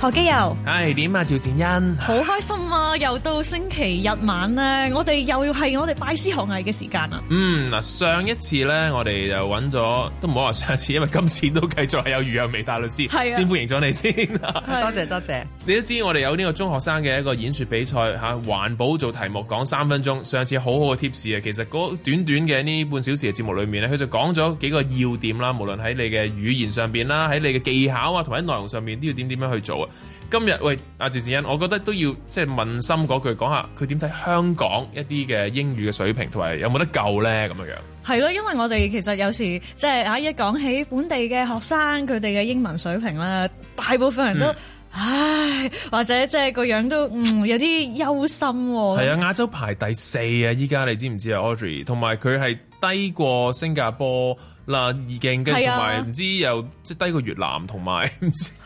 何基佑，唉，點啊？趙善欣，好開心啊！又到星期日晚咧，我哋又係我哋拜師學藝嘅時間啊！嗯，嗱，上一次咧，我哋就揾咗，都唔好話上一次，因為今次都繼續係有余若薇大律師，係、啊、先歡迎咗你先，多謝是多謝。多謝你都知我哋有呢個中學生嘅一個演說比賽吓，環、啊、保做題目講三分鐘。上次好好嘅貼士啊，其實嗰短短嘅呢半小時嘅節目裏面咧，佢就講咗幾個要點啦，無論喺你嘅語言上邊啦，喺你嘅技巧啊，同喺內容上面都要點點樣，樣去做啊！今日喂阿徐善恩，我覺得都要即係、就是、問心嗰句，講下佢點睇香港一啲嘅英語嘅水平，同埋有冇得救咧咁樣樣。係咯，因為我哋其實有時即係阿一講起本地嘅學生佢哋嘅英文水平咧，大部分人都、嗯、唉或者即係個樣都嗯有啲憂心。係啊，亞洲排第四啊，依家你知唔知啊 Audrey？同埋佢係低過新加坡。嗱，易鏡嘅，同埋唔知又即低過越南，同埋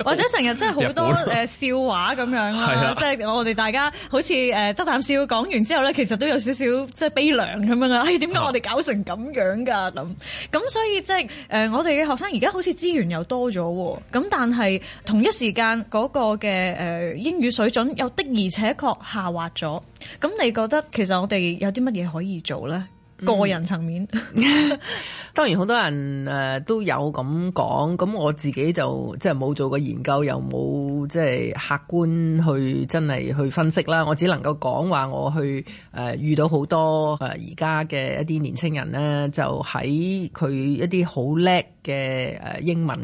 或者成日真係好多誒笑話咁樣咯、啊，即係、啊啊即係、我哋大家好似誒、呃、得啖笑講完之後咧，其實都有少少即係悲涼咁、哎、樣啊！點解我哋搞成咁樣噶？咁咁所以即係誒我哋嘅學生而家好似資源又多咗喎、啊，咁但係同一時間嗰個嘅誒、呃、英語水準又的而且確下滑咗。咁你覺得其實我哋有啲乜嘢可以做咧？個人層面，嗯，當然好多人誒都有咁講，咁我自己就即係冇做過研究，又冇即係客觀去真係去分析啦。我只能夠講話，我去誒遇到好多誒而家嘅一啲年青人咧，就喺佢一啲好叻嘅誒英文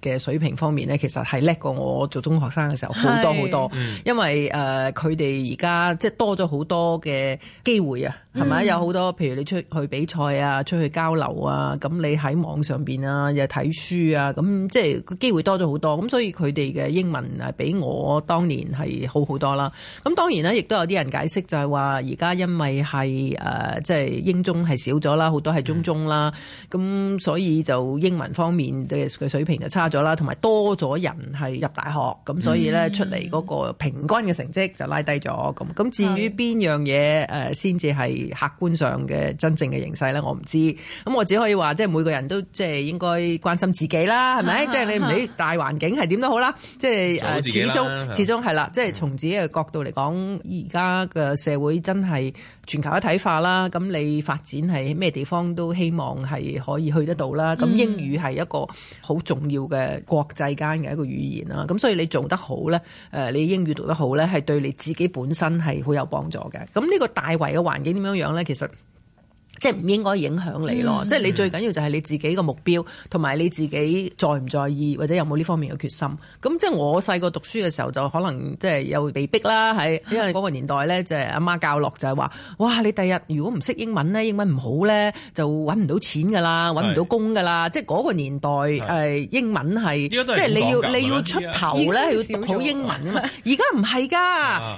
誒嘅水平方面咧，其實係叻過我做中學生嘅時候好多好多，嗯、因為誒佢哋而家即係多咗好多嘅機會啊，係咪啊？有好多譬如，你出去比賽啊，出去交流啊，咁你喺網上邊啊，又睇書啊，咁即係個機會多咗好多，咁所以佢哋嘅英文係比我當年係好好多啦。咁當然啦，亦都有啲人解釋就係話，而家因為係誒，即係英中係少咗啦，好多係中中啦，咁所以就英文方面嘅嘅水平就差咗啦，同埋多咗人係入大學，咁所以咧，出嚟嗰個平均嘅成績就拉低咗。咁咁至於邊樣嘢誒，先至係客觀上嘅。真正嘅形勢咧，我唔知。咁我只可以話，即係每個人都即係應該關心自己啦，係咪終？ 即係你唔理大環境係點都好啦。即係誒，始終始終係啦。即係從自己嘅角度嚟講，而家嘅社會真係全球一體化啦。咁你發展係咩地方都希望係可以去得到啦。咁英語係一個好重要嘅國際間嘅一個語言啦。咁所以你做得好咧，誒，你英語讀得好咧，係對你自己本身係好有幫助嘅。咁呢個大圍嘅環境點樣樣咧？其實。即係唔應該影響你咯，即係你最緊要就係你自己個目標同埋你自己在唔在意，或者有冇呢方面嘅決心。咁即係我細個讀書嘅時候就可能即係又被逼啦，係因為嗰個年代咧，即係阿媽教落就係話哇！你第日如果唔識英文咧，英文唔好咧，就揾唔到錢㗎啦，揾唔到工㗎啦。即係嗰個年代，誒英文係，即係你要你要出頭咧，要讀好英文啊嘛！而家唔係㗎，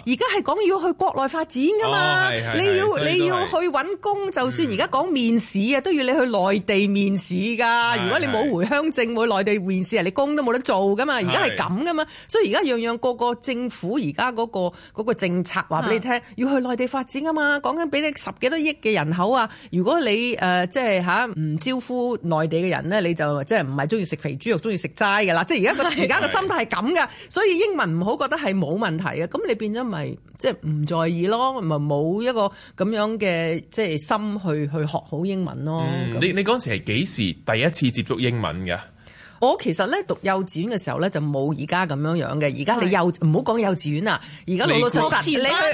而家係講要去國內發展㗎嘛。你要你要去揾工，就算。而家講面試啊，都要你去內地面試噶。如果你冇回鄉證，冇是是 內地面試啊，你工都冇得做噶嘛。而家係咁噶嘛，是是所以而家樣樣個個政府而家嗰個嗰個政策話俾你聽，要去內地發展啊嘛。講緊俾你十幾多億嘅人口啊，如果你誒、呃、即係嚇唔招呼內地嘅人咧，你就即係唔係中意食肥豬肉，中意食齋嘅啦。即係而家個而家個心態係咁噶，所以英文唔好覺得係冇問題嘅，咁你變咗咪即係唔在意咯，咪冇一個咁樣嘅即係心去。去去學好英文咯。嗯、你你嗰陣時係幾時第一次接觸英文噶？我其實咧讀幼稚園嘅時候咧就冇而家咁樣樣嘅，而家你幼唔好講幼稚園啦，而家老老實實班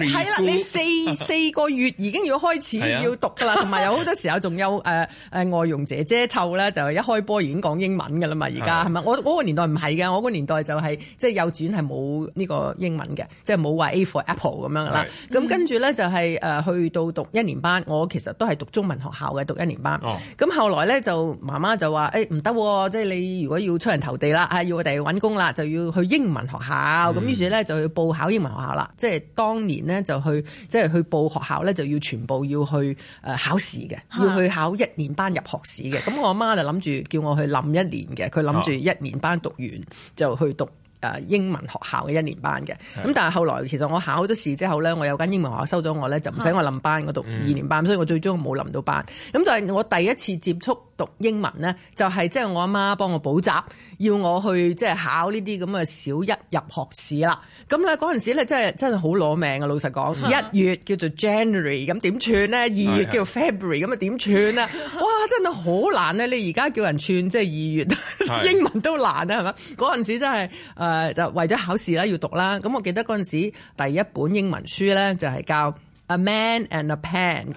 你係啦，你四四個月已經要開始要讀噶啦，同埋是的 有好多時候仲有誒誒、呃、外傭姐姐湊呢，就一開波已經講英文㗎啦嘛，而家係咪？我嗰個年代唔係㗎，我嗰年代就係即係幼稚園係冇呢個英文嘅，即係冇話 A for Apple 咁樣啦。咁是的、嗯、跟住咧就係去到讀一年班，我其實都係讀中文學校嘅讀一年班。咁、哦、後來咧就媽媽就話誒，唔得，即係你如果要出人頭地啦，啊，要我哋揾工啦，就要去英文學校咁，嗯、於是咧就去報考英文學校啦。即係當年咧就去，即係去報學校咧就要全部要去誒考試嘅，要去考一年班入學試嘅。咁、嗯、我阿媽就諗住叫我去臨一年嘅，佢諗住一年班讀完、嗯、就去讀。啊、英文學校嘅一年班嘅，咁是的 但係後來其實我考咗試之後呢，我有間英文學校收咗我呢，就唔使我臨班我讀二年班，嗯、所以我最終冇臨到班。咁就係我第一次接觸讀英文呢，就係即係我阿媽幫我補習，要我去即係考呢啲咁嘅小一入學試啦。咁咧嗰陣時咧，真係真係好攞命啊。老實講，一是的 月叫做 January 咁點串呢？二月叫 February 咁啊點串啊？是的 哇，真係好難呢、啊。你而家叫人串即係二月是的 英文都難啊，係咪？嗰陣時真係誒、uh, 就為咗考試啦，要讀啦。咁我記得嗰陣時第一本英文書咧，就係教 A man and a pen。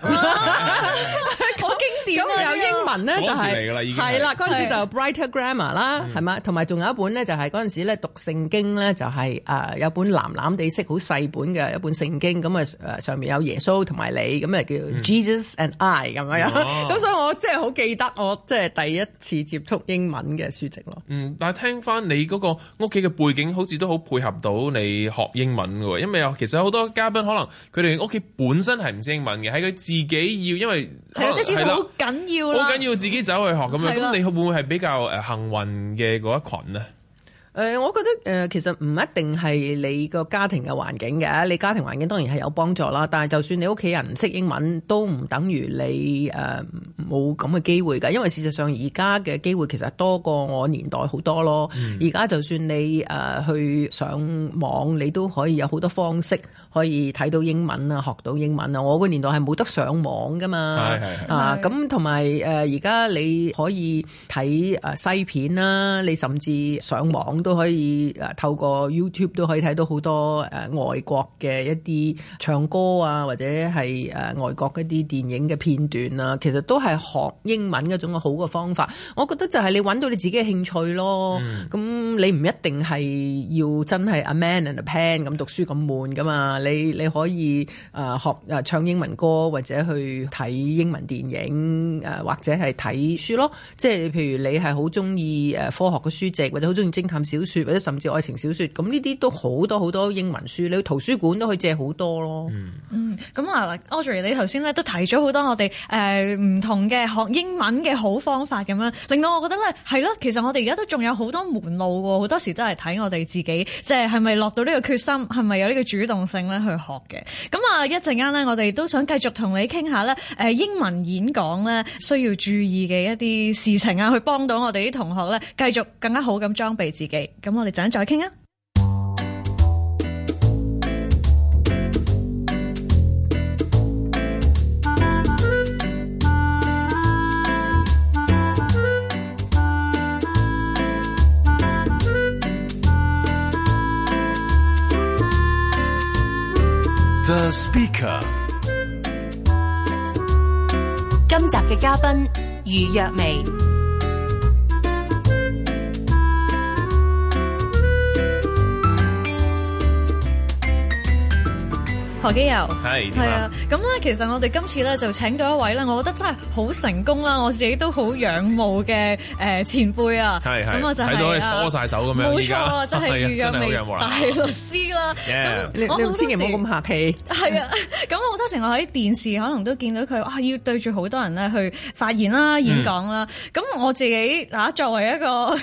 咁我有英文咧、就係，已經就係係啦，嗰陣時就 Brighter Grammar 啦，係嘛？同埋仲有一本咧、就係，就係嗰陣時咧讀聖經咧、就係，就係誒有本藍藍地色好細本嘅一本聖經，咁、呃、啊上面有耶穌同埋你，咁啊叫 Jesus and I 咁樣樣。咁所以我真係好記得我即係第一次接觸英文嘅書籍咯。嗯，但係聽翻你嗰個屋企嘅背景，好似都好配合到你學英文㗎喎，因為其實好多嘉賓可能佢哋屋企本身係唔識英文嘅，喺佢自己要因為係啊，即緊要好緊要自己走去學咁樣，咁你會唔會係比較誒幸運嘅嗰一群呢？誒、呃，我覺得誒、呃，其實唔一定係你個家庭嘅環境嘅，你家庭環境當然係有幫助啦。但係就算你屋企人唔識英文，都唔等於你誒冇咁嘅機會噶。因為事實上而家嘅機會其實多過我年代好多咯。而家就算你誒去、呃、上網，你都可以有好多方式。可以睇到英文啊，學到英文啊！我個年代係冇得上網噶嘛。係係係啊，咁同埋誒，而家你可以睇誒西片啦，你甚至上網都可以誒透過 YouTube 都可以睇到好多誒外國嘅一啲唱歌啊，或者係誒外國一啲電影嘅片段啦，啊。其實都係學英文一種好嘅方法。我覺得就係你揾到你自己嘅興趣咯。咁，嗯、你唔一定係要真係 A man and a pen 咁讀書咁悶噶嘛。你你可以誒學誒唱英文歌，或者去睇英文電影誒或者係睇書咯。即係譬如你係好中意誒科學嘅書籍，或者好中意偵探小說或者甚至愛情小說，咁呢啲都好多好多英文書，你去圖書館都可以借好多咯。嗯，咁、嗯嗯、啊，Audrey，嗱你頭先咧都提咗好多我哋誒唔同嘅學英文嘅好方法，咁樣令到我覺得咧係咯，其實我哋而家都仲有好多門路嘅，好多時都係睇我哋自己，即係係咪落到呢個決心，係咪有呢個主動性咧？去學嘅，咁啊一陣間咧，我哋都想繼續同你傾下咧，誒英文演講咧需要注意嘅一啲事情啊，去幫到我哋啲同學咧，繼續更加好咁裝備自己。咁我哋陣間再傾啊！The speaker，今集嘅嘉賓余若薇，何基佑，係係啊，咁咧其實我哋今次咧就請到一位咧，我覺得真係好成功啦，我自己都好仰慕嘅誒前輩啊，咁是我就係、是、啊，搓晒手咁樣，冇錯，真係余若薇大律師。 咁 Yeah ,、yeah. 你千祈唔好咁客氣。係啊，咁好多時我喺電視可能都見到佢、啊，要對住好多人咧去發言啦、演講啦。咁、嗯、我自己，嗱、啊，作為一個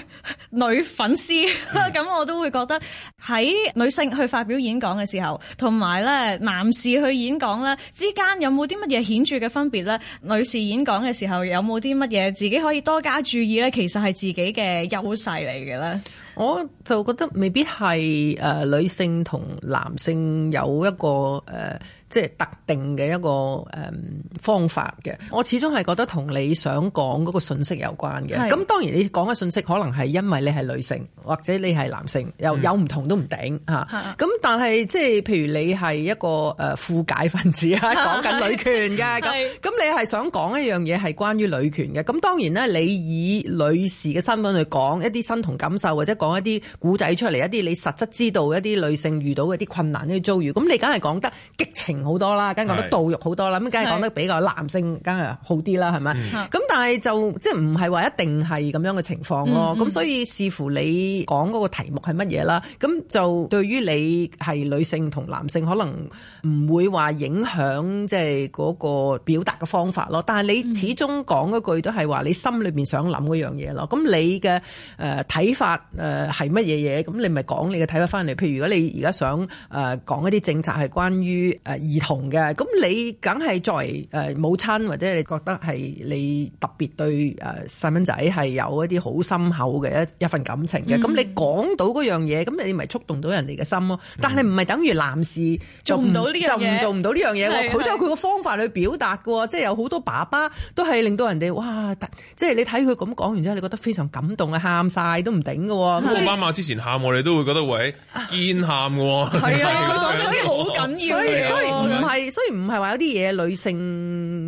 女粉絲，咁、嗯、 我都會覺得喺女性去發表演講嘅時候，同埋咧男士去演講咧之間，有冇啲乜嘢顯著嘅分別咧？女士演講嘅時候，有冇啲乜嘢自己可以多加注意咧？其實係自己嘅優勢嚟嘅咧。我就覺得未必係女性同男性有一個誒。即係特定嘅一個、嗯、方法嘅，我始終係覺得同你想講嗰個信息有關嘅。咁的當然你講嘅信息可能係因為你係女性或者你係男性，又、嗯、有唔同都唔頂嚇。咁的、啊、但係即係譬如你係一個誒婦、呃、解分子啊，講緊女權嘅咁，咁你係想講一樣嘢係關於女權嘅。咁當然咧，你以女士嘅身份去講一啲身同感受，或者講一啲古仔出嚟，一啲你實質知道一啲女性遇到嘅啲困難呢啲遭遇，咁你梗係講得激情。好多啦，梗係講得道肉好多啦，咁梗係講得比較男性梗係是好啲啦，係咪？咁是但係就即係唔係話一定係咁樣嘅情況咯。咁、嗯、所以似乎你講嗰個題目係乜嘢啦？咁、嗯、就對於你係女性同男性，可能唔會話影響即係嗰個表達嘅方法咯。嗯、但係你始終講嗰句都係話你心裏面想諗嗰樣嘢咯。咁、嗯嗯、你嘅誒睇法誒係乜嘢嘢？咁你咪講你嘅睇法翻嚟。譬如如果你而家想誒講、呃、一啲政策係關於誒。呃兒童嘅，咁你梗係作為誒母親或者你覺得係你特別對誒細蚊仔係有一啲好深厚嘅一一份感情嘅，咁你講到嗰樣嘢，咁你咪觸動到人哋嘅心咯。但係唔係等於男士做唔到呢樣嘢，就唔做唔到呢樣嘢。佢都有佢個方法去表達噶，即係有好多爸爸都係令到人哋哇，即係你睇佢咁講完之後，你覺得非常感動啊，喊晒都唔頂噶。媽媽之前喊我哋都會覺得喂，堅喊噶。所以所以唔係，所以唔係話有啲嘢女性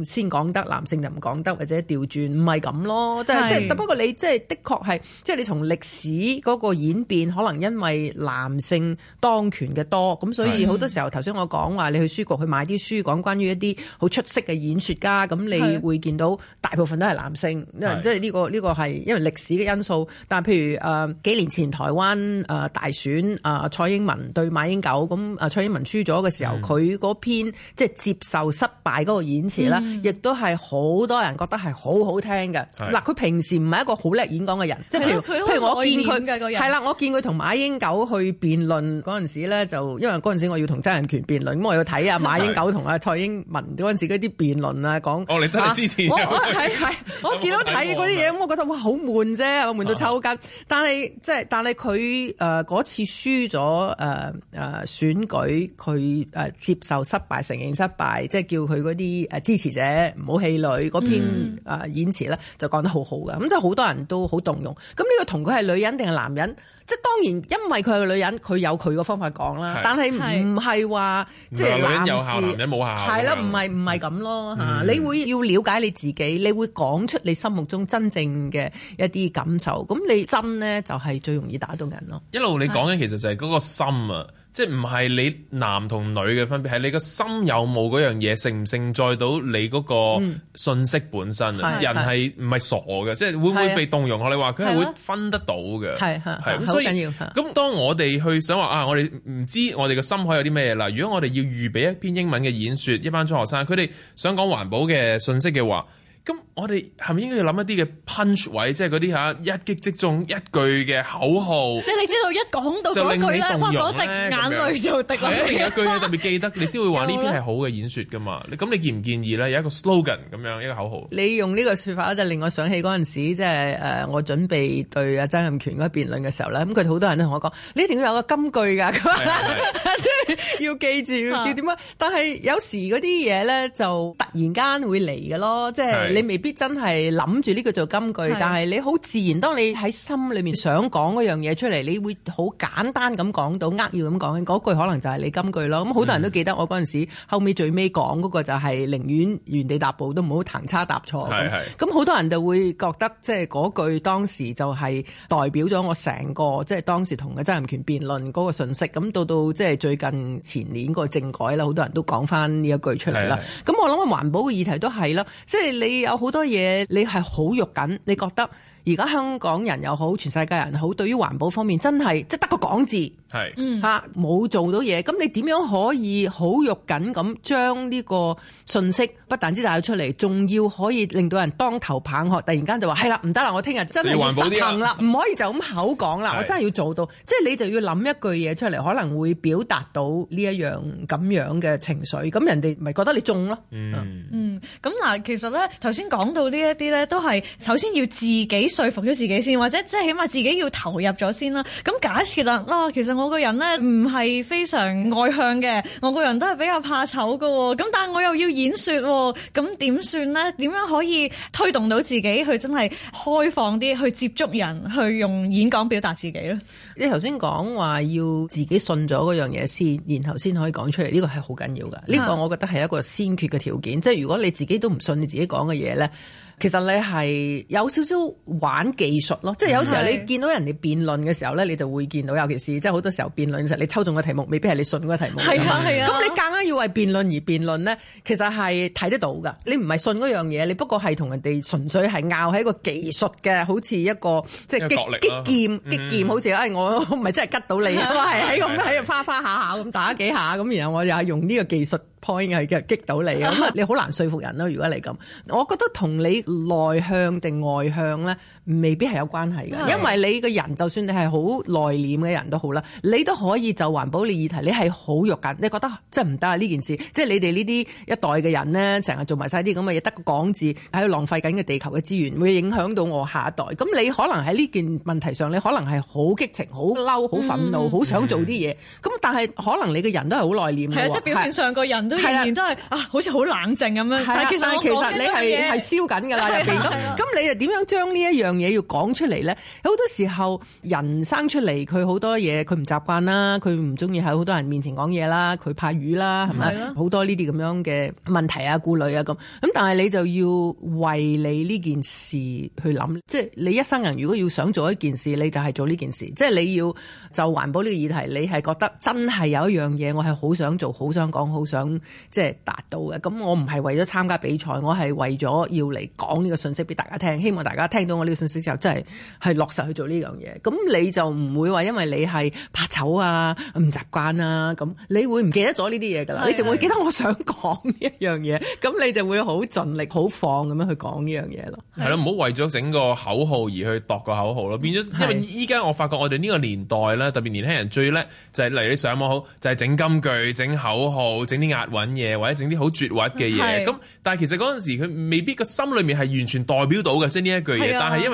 先講得男性就唔講得，或者調轉唔係咁咯。即係即係，不過你即係的確係，即係你從歷史嗰個演變，可能因為男性當權嘅多，咁所以好多時候頭先是、嗯、我講話，你去書局去買啲書，講關於一啲好出色嘅演説家，咁你會見到大部分都係男性。因為即係呢個呢個係因為歷史嘅因素。但係譬如誒、呃、幾年前台灣誒大選、呃，蔡英文對馬英九，咁、呃、蔡英文輸咗嘅時候，佢嗰是篇即係接受失敗嗰個演辭啦。嗯亦都係好多人覺得係好好聽嘅。嗱是，佢平時唔係一個好叻演講嘅人，即係的譬如的譬如我見佢，係啦，我見佢同馬英九去辯論嗰陣時咧，就因為嗰陣時我要同曾蔭權辯論，咁我要睇下馬英九同阿蔡英文嗰陣時嗰啲辯論啊，講的說哦，你真係支持、啊，我我， 我見到睇嗰啲嘢，咁我覺得哇，好悶啫，我悶到抽筋的。但係即係但係佢誒嗰次輸咗誒誒選舉，佢誒接受失敗，承認失敗，即係叫佢嗰啲誒支持者。誒，唔好氣餒，嗰篇誒演詞咧就講得好好嘅。咁就好多人都好動容。咁呢個同佢係女人定係男人？即係當然，因為佢係個女人，佢有佢個方法講啦。但係唔係話即係女人有效，男人冇效。係啦，唔係唔係咁咯嚇。你會要了解你自己，你會講出你心目中真正嘅一啲感受。咁你真呢就係最容易打動人咯。一路你講緊其實就係嗰個心啊，即係唔係你男同女嘅分別，係你個心有冇嗰樣嘢承唔承載到你嗰個信息本身啊？人係唔係傻嘅？即係會唔會被動容？我你話佢係會分得到嘅。係係係。所以咁，當我哋去想話啊，我哋唔知我哋嘅心海有啲咩嘢啦。如果我哋要預備一篇英文嘅演說，一班中學生佢哋想講環保嘅信息嘅話，咁。我哋係咪應該要諗一啲嘅 punch 位，即係嗰啲嚇一擊即中一句嘅口號。即係你知道一講到嗰句咧，哇！嗰隻眼淚就滴落、嗯、一定有一句呢，特別記得，你先會話呢了篇係好嘅演説噶嘛？咁你建唔建議咧？有一個 slogan 咁樣一個口號。你用呢個說法咧，就是、令我想起嗰陣時，即係誒我準備對阿曾蔭權嗰個辯論嘅時候咧，咁佢好多人都同我講：你一定要有個金句㗎的， 要記住要點啊！但係有時嗰啲嘢咧，就突然間會嚟嘅咯，即、就、係、是、你未。必真係諗住呢個做金句，是的 但係你好自然。當你喺心裏面想講嗰樣嘢出嚟，你會好簡單咁講到，呃，要咁講嗰句，可能就係你金句咯。咁好多人都記得我嗰陣時，嗯、後尾最尾講嗰個就係寧願原地踏步都唔好行差踏錯。咁好是的 多人就會覺得，即係嗰句當時就係代表咗我成個即係當時同嘅曾蔭權辯論嗰個信息。咁到到即係最近前年嗰個政改啦，好多人都講翻呢一句出嚟啦。咁是的 我諗啊，環保嘅議題都係啦，即係你有好。多嘢你係好肉緊，你覺得？而家香港人又好，全世界人好，對於環保方面真係即係得個講字，冇是、嗯、做到嘢。咁你點樣可以好肉緊咁將呢個信息不但之帶咗出嚟，仲要可以令到人當頭棒喝？突然間就話係啦，唔得啦，我聽日真係實行啦，唔、啊、 可以就咁口講啦，我真係要做到。是即係你就要諗一句嘢出嚟，可能會表達到呢一樣咁樣嘅情緒。咁人哋咪覺得你中咯。嗯，咁嗱的、嗯，其實咧頭先講到呢一啲咧，都係首先要自己。說服咗自己先，或者即係起碼自己要投入咗先啦。咁假設啦，啊、哦，其實我個人呢唔係非常外向嘅，我個人都係比較怕醜噶。咁但係我又要演說，咁點算呢？點樣可以推動到自己去真係開放啲，去接觸人，去用演講表達自己呢？你頭先講話要自己信咗嗰樣嘢先，然後先可以講出嚟，呢、這個係好緊要噶。呢這是 個我覺得係一個先決嘅條件。即係如果你自己都唔信你自己講嘅嘢呢。其實你係有少少玩技術咯，即、就、係、是、有時候你見到人哋辯論嘅時候咧，你就會見到，尤其是即係好多時候辯論，時候，你抽中個題目未必係你信嗰個題目。係啊係啊。咁、啊、你夾硬要為辯論而辯論咧，其實係睇得到噶。你唔係信嗰樣嘢，你不過係同人哋純粹係拗喺一個技術嘅，嗯、好似一個即係擊擊劍、擊、嗯、劍，好似唉、哎、我唔係真係吉到你，我係喺咁喺度花花下下咁打幾下，咁然後我又係用呢個技術。point 係嘅，激到你咁啊！你好難說服人咯、啊。 如果你咁，我覺得同你內向定外向咧？未必係有關係嘅，因為你個人就算你係好內斂嘅人都好啦，你都可以就環保呢議題，你係好肉緊，你覺得真唔得啊呢件事，即係你哋呢啲一代嘅人呢，成日做埋晒啲咁嘅嘢，得個講字喺度浪費緊嘅地球嘅資源，會影響到我下一代。咁你可能喺呢件問題上，你可能係好激情、好嬲、好憤怒、好想做啲嘢。咁、嗯、但係可能你嘅人都係好內斂嘅，係、啊、即係表面上個人都仍然都係啊，啊，好似好冷靜咁樣。啊、但其實但你係係燒緊㗎啦入邊，咁、啊啊、你又點樣將呢一樣？嘢要講出嚟咧，好多時候人生出嚟，佢好多嘢佢唔習慣啦，佢唔中意喺好多人面前講嘢啦，佢怕瘀啦，係咪？好、嗯、多呢啲咁樣嘅問題啊、顧慮啊咁咁，但係你就要為你呢件事去諗，即係你一生人如果要想做一件事，你就係做呢件事，即係你要就環保呢個議題，你係覺得真係有一樣嘢，我係好想做好想講好想即係達到嘅，咁我唔係為咗參加比賽，我係為咗要嚟講呢個信息俾大家聽，希望大家聽到我呢個。嗰就真係係落實去做呢樣嘢，咁你就唔會話因為你係怕醜啊、唔習慣啊，咁你會唔記得咗呢啲嘢㗎啦？是你就會記得我想講呢一樣嘢，咁的你就會好盡力、好的放咁樣去講呢樣嘢咯。係咯的，唔好為咗整個口號而去度個口號咯，變咗。因為依家我發覺我哋呢個年代咧，特別年輕人最叻就係嚟你上網好，就係、是、整金句、整口號、整啲押韻嘢，或者整啲好絕核嘅嘢。咁的但係其實嗰陣時佢未必個心裏面係完全代表到嘅，即係呢一句嘢。的但係因為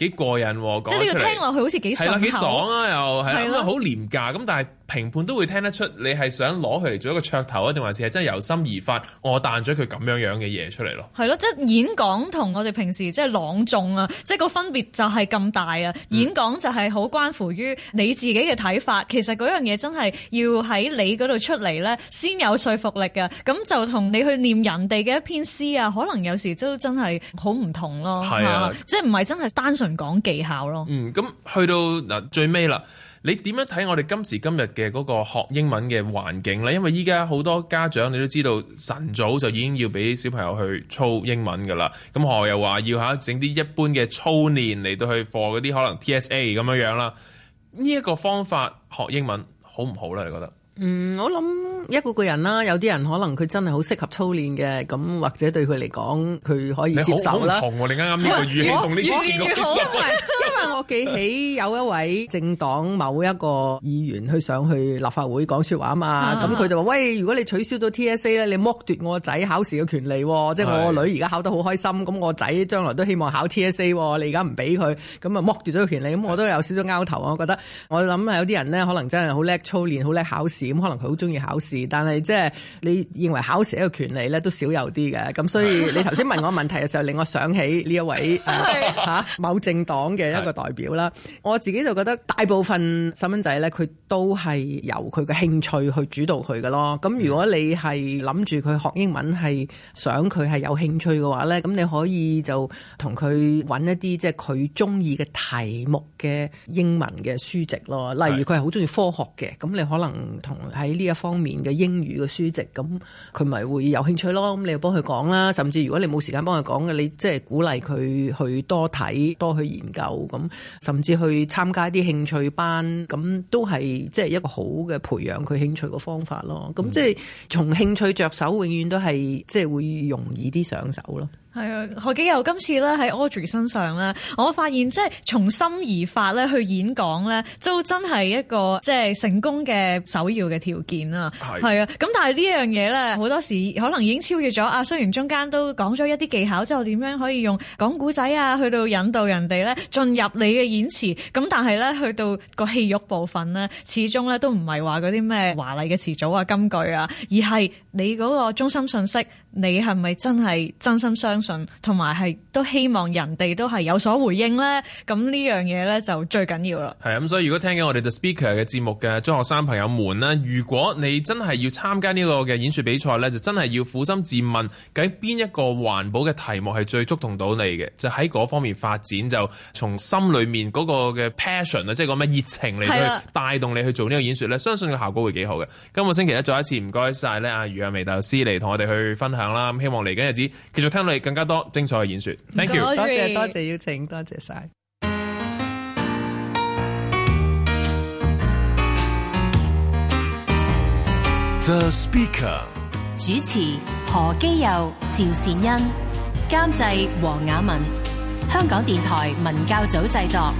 幾過癮喎！即係呢個聽落去好似幾爽啊，又係啦，好廉價咁，的的但係評判都會聽得出你係想攞佢嚟做一個噱頭啊，定還是係真係由心而發，我彈咗佢咁樣樣嘅嘢出嚟咯。係咯，即係演講同我哋平時即係朗誦啊，即係個分別就係咁大啊！演講就係好關乎於你自己嘅睇法，嗯、其實嗰樣嘢真係要喺你嗰度出嚟咧，先有說服力嘅。咁就同你去念人哋嘅一篇詩啊，可能有時都真係好唔同咯，是的 啊，即係唔係真係單純？講技巧咯，嗯，咁去到嗱最尾啦，你點樣睇我哋今時今日嘅嗰個學英文嘅環境呢？因為依家好多家長你都知道，晨早就已經要俾小朋友去操英文噶啦，咁學又話要吓整啲一般嘅操練嚟到去課嗰啲可能 TSA 咁樣樣啦，呢、這、一個方法學英文好唔好咧？你覺得好好？嗯，我諗一個個人啦，有啲人可能佢真係好適合操練嘅，咁或者對佢嚟講，佢可以接受啦。同我啱啱呢個語氣同你之前好唔同， 因為我記起有一位政黨某一個議員去上去立法會講說話啊嘛，咁佢、 嗯、就話：喂，如果你取消咗 TSA 咧，你剝奪我個仔考試嘅權利，哦，即係我個女而家考得好開心，咁我仔將來都希望考 TSA，、哦、你而家唔俾佢，咁啊剝奪咗個權利，咁我都有少少拗頭，我覺得我諗有啲人呢，可能真係好叻操練，好叻考試。點可能佢好中意考試，但係即係你認為考試一個權利咧都少有啲嘅，咁所以你頭先問我問題嘅時候， 令我想起呢一位吓、 啊、某政黨嘅一個代表啦。我自己就覺得大部分細蚊仔咧，佢都係由佢嘅興趣去主導佢嘅咯。咁如果你係諗住佢學英文係想佢係有興趣嘅話咧，咁你可以就同佢揾一啲即係佢中意嘅題目嘅英文嘅書籍咯。例如佢係好中意科學嘅，咁你可能同喺呢一方面嘅英語嘅書籍，咁佢咪會有興趣咯？咁你就幫佢講啦，甚至如果你冇時間幫佢講嘅，你即係鼓勵佢去多睇、多去研究，咁甚至去參加啲興趣班，咁都係即係一個好嘅培養佢興趣嘅方法咯。咁即係從興趣着手，永遠都係即係會容易啲上手咯。係啊，何幾友今次咧喺 Audrey 身上咧，我發現即係從心而發咧去演講咧，就真係一個即係成功嘅首要嘅條件啊！係啊的，咁但係呢樣嘢咧，好多時可能已經超越咗啊。雖然中間都講咗一啲技巧，之後點樣可以用講故仔啊，去到引導人哋咧進入你嘅演詞，咁但係咧去到個戲肉部分呢，始終咧都唔係話嗰啲咩華麗嘅詞組啊、金句啊，而係，你嗰個中心信息，你係咪真係真心相信，同埋係都希望人哋都係有所回應咧？咁呢樣嘢咧就最緊要啦。係啊，咁所以如果聽緊我哋 The Speaker 嘅節目嘅中學生朋友們咧，如果你真係要參加呢個嘅演說比賽咧，就真係要苦心自問，喺邊一個環保嘅題目係最觸動到你嘅，就喺嗰方面發展，就從心裏面嗰個嘅 passion 啊，即係嗰咩熱情嚟去帶動你去做呢個演說咧的，相信個效果會幾好嘅。今個星期咧，再一次唔該晒咧，阿。有味道，師嚟同我哋去分享啦，希望嚟緊日子繼續聽到你更加多精彩嘅演說。Thank you，多謝多謝邀請，多謝晒。The Speaker 主持何基佑、趙善恩，監製黃雅文，香港電台文教組製作。